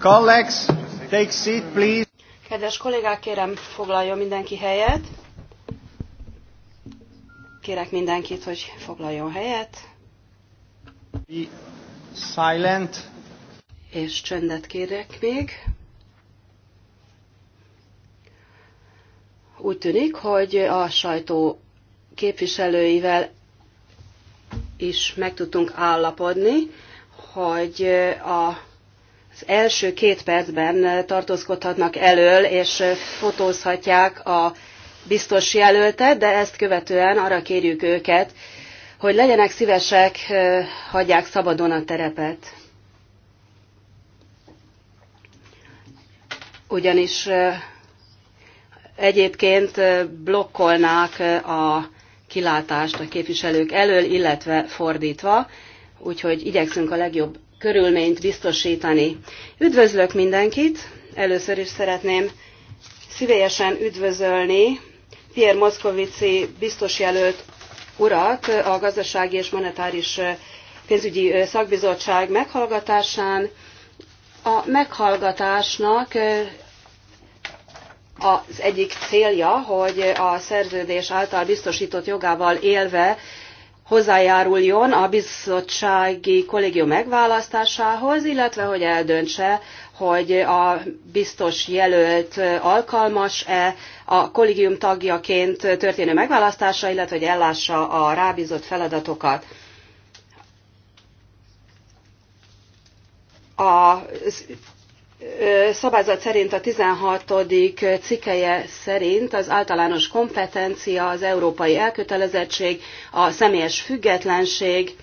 Colleagues, take seat, please. Kedves kollégák, kérem foglaljon mindenki helyet. Kérek mindenkit, hogy foglaljon helyet. Be silent. És csöndet kérek még. Úgy tűnik, hogy a sajtó képviselőivel is meg tudtunk állapodni, hogy a az első két percben tartózkodhatnak elől, és fotózhatják a biztos jelöltet, de ezt követően arra kérjük őket, hogy legyenek szívesek, hagyják szabadon a terepet. Ugyanis egyébként blokkolnák a kilátást a képviselők elől, illetve fordítva, úgyhogy igyekszünk a legjobb körülményt biztosítani. Üdvözlök mindenkit! Először is szeretném szívélyesen üdvözölni Pierre Moszkovici biztosjelölt urat a Gazdasági és Monetáris Pénzügyi Szakbizottság meghallgatásán. A meghallgatásnak az egyik célja, hogy a szerződés által biztosított jogával élve hozzájáruljon a bizottsági kollégium megválasztásához, illetve hogy eldöntse, hogy a biztos jelölt alkalmas-e a kollégium tagjaként történő megválasztása, illetve hogy ellássa a rábízott feladatokat. A szabályzat szerint a 16. cikkeje szerint az általános kompetencia, az európai elkötelezettség, a személyes függetlenség,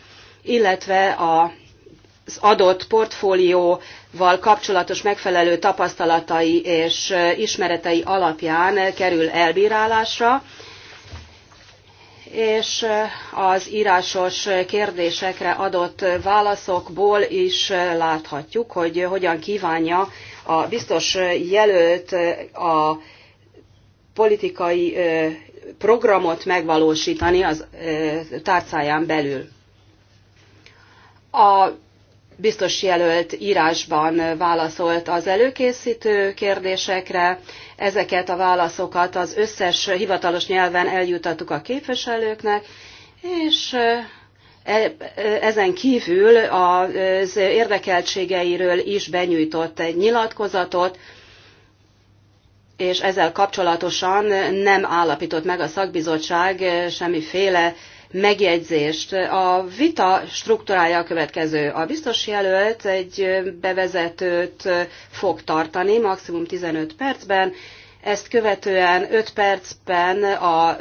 illetve az adott portfólióval kapcsolatos megfelelő tapasztalatai és ismeretei alapján kerül elbírálásra, és az írásos kérdésekre adott válaszokból is láthatjuk, hogy hogyan kívánja a biztos jelölt a politikai programot megvalósítani az tárcáján belül. A biztos jelölt írásban válaszolt az előkészítő kérdésekre. Ezeket a válaszokat az összes hivatalos nyelven eljutattuk a képviselőknek, és e, e, ezen kívül az érdekeltségeiről is benyújtott egy nyilatkozatot, és ezzel kapcsolatosan nem állapított meg a szakbizottság semmiféle megjegyzést. A vita struktúrája a következő. A biztos jelölt egy bevezetőt fog tartani, maximum 15 percben, ezt követően 5 percben a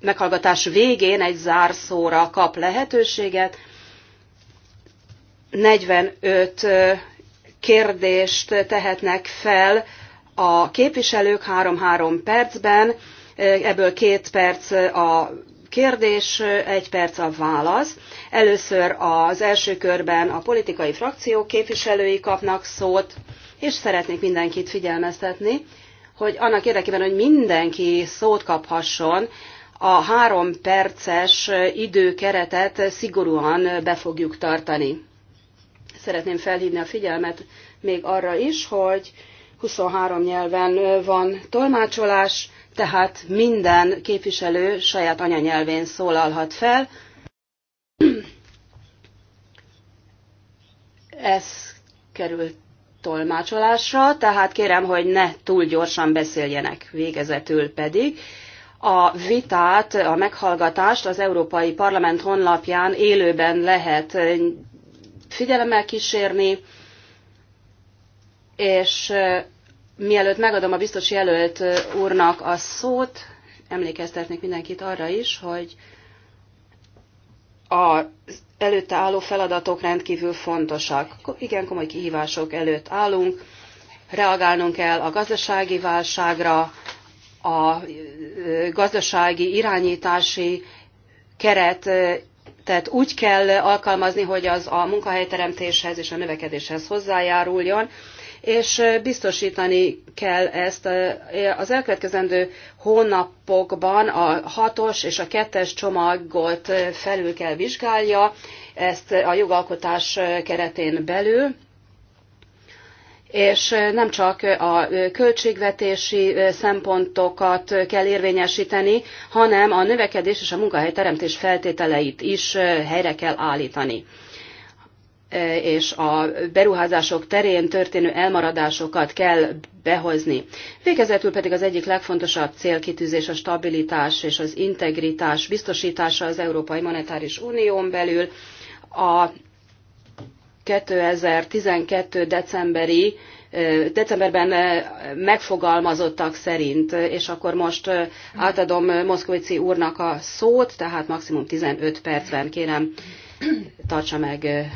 meghallgatás végén egy zárszóra kap lehetőséget, 45 kérdést tehetnek fel a képviselők 3-3 percben, ebből két perc a kérdés, egy perc a válasz. Először az első körben a politikai frakciók képviselői kapnak szót, és szeretnék mindenkit figyelmeztetni, hogy annak érdekében, hogy mindenki szót kaphasson, a három perces időkeretet szigorúan be fogjuk tartani. Szeretném felhívni a figyelmet még arra is, hogy 23 nyelven van tolmácsolás, tehát minden képviselő saját anyanyelvén szólalhat fel. Ez került tolmácsolásra, tehát kérem, hogy ne túl gyorsan beszéljenek végezetül pedig. A vitát, a meghallgatást az Európai Parlament honlapján élőben lehet figyelemmel kísérni és mielőtt megadom a biztos jelölt úrnak a szót, emlékeztetnék mindenkit arra is, hogy a előtte álló feladatok rendkívül fontosak. Igen, komoly kihívások előtt állunk, reagálnunk kell a gazdasági válságra, a gazdasági irányítási keret tehát úgy kell alkalmazni, hogy az a munkahelyteremtéshez és a növekedéshez hozzájáruljon, és biztosítani kell ezt az elkövetkezendő hónapokban a hatos és a kettes csomagot felül kell vizsgálja, ezt a jogalkotás keretén belül és nem csak a költségvetési szempontokat kell érvényesíteni, hanem a növekedés és a munkahelyteremtés feltételeit is helyre kell állítani és a beruházások terén történő elmaradásokat kell behozni. Végezetül pedig az egyik legfontosabb célkitűzés a stabilitás és az integritás biztosítása az Európai Monetáris Unión belül. A 2012. decemberi decemberben megfogalmazottak szerint, és akkor most átadom Moszkvici úrnak a szót, tehát maximum 15 percben kérem tartsa meg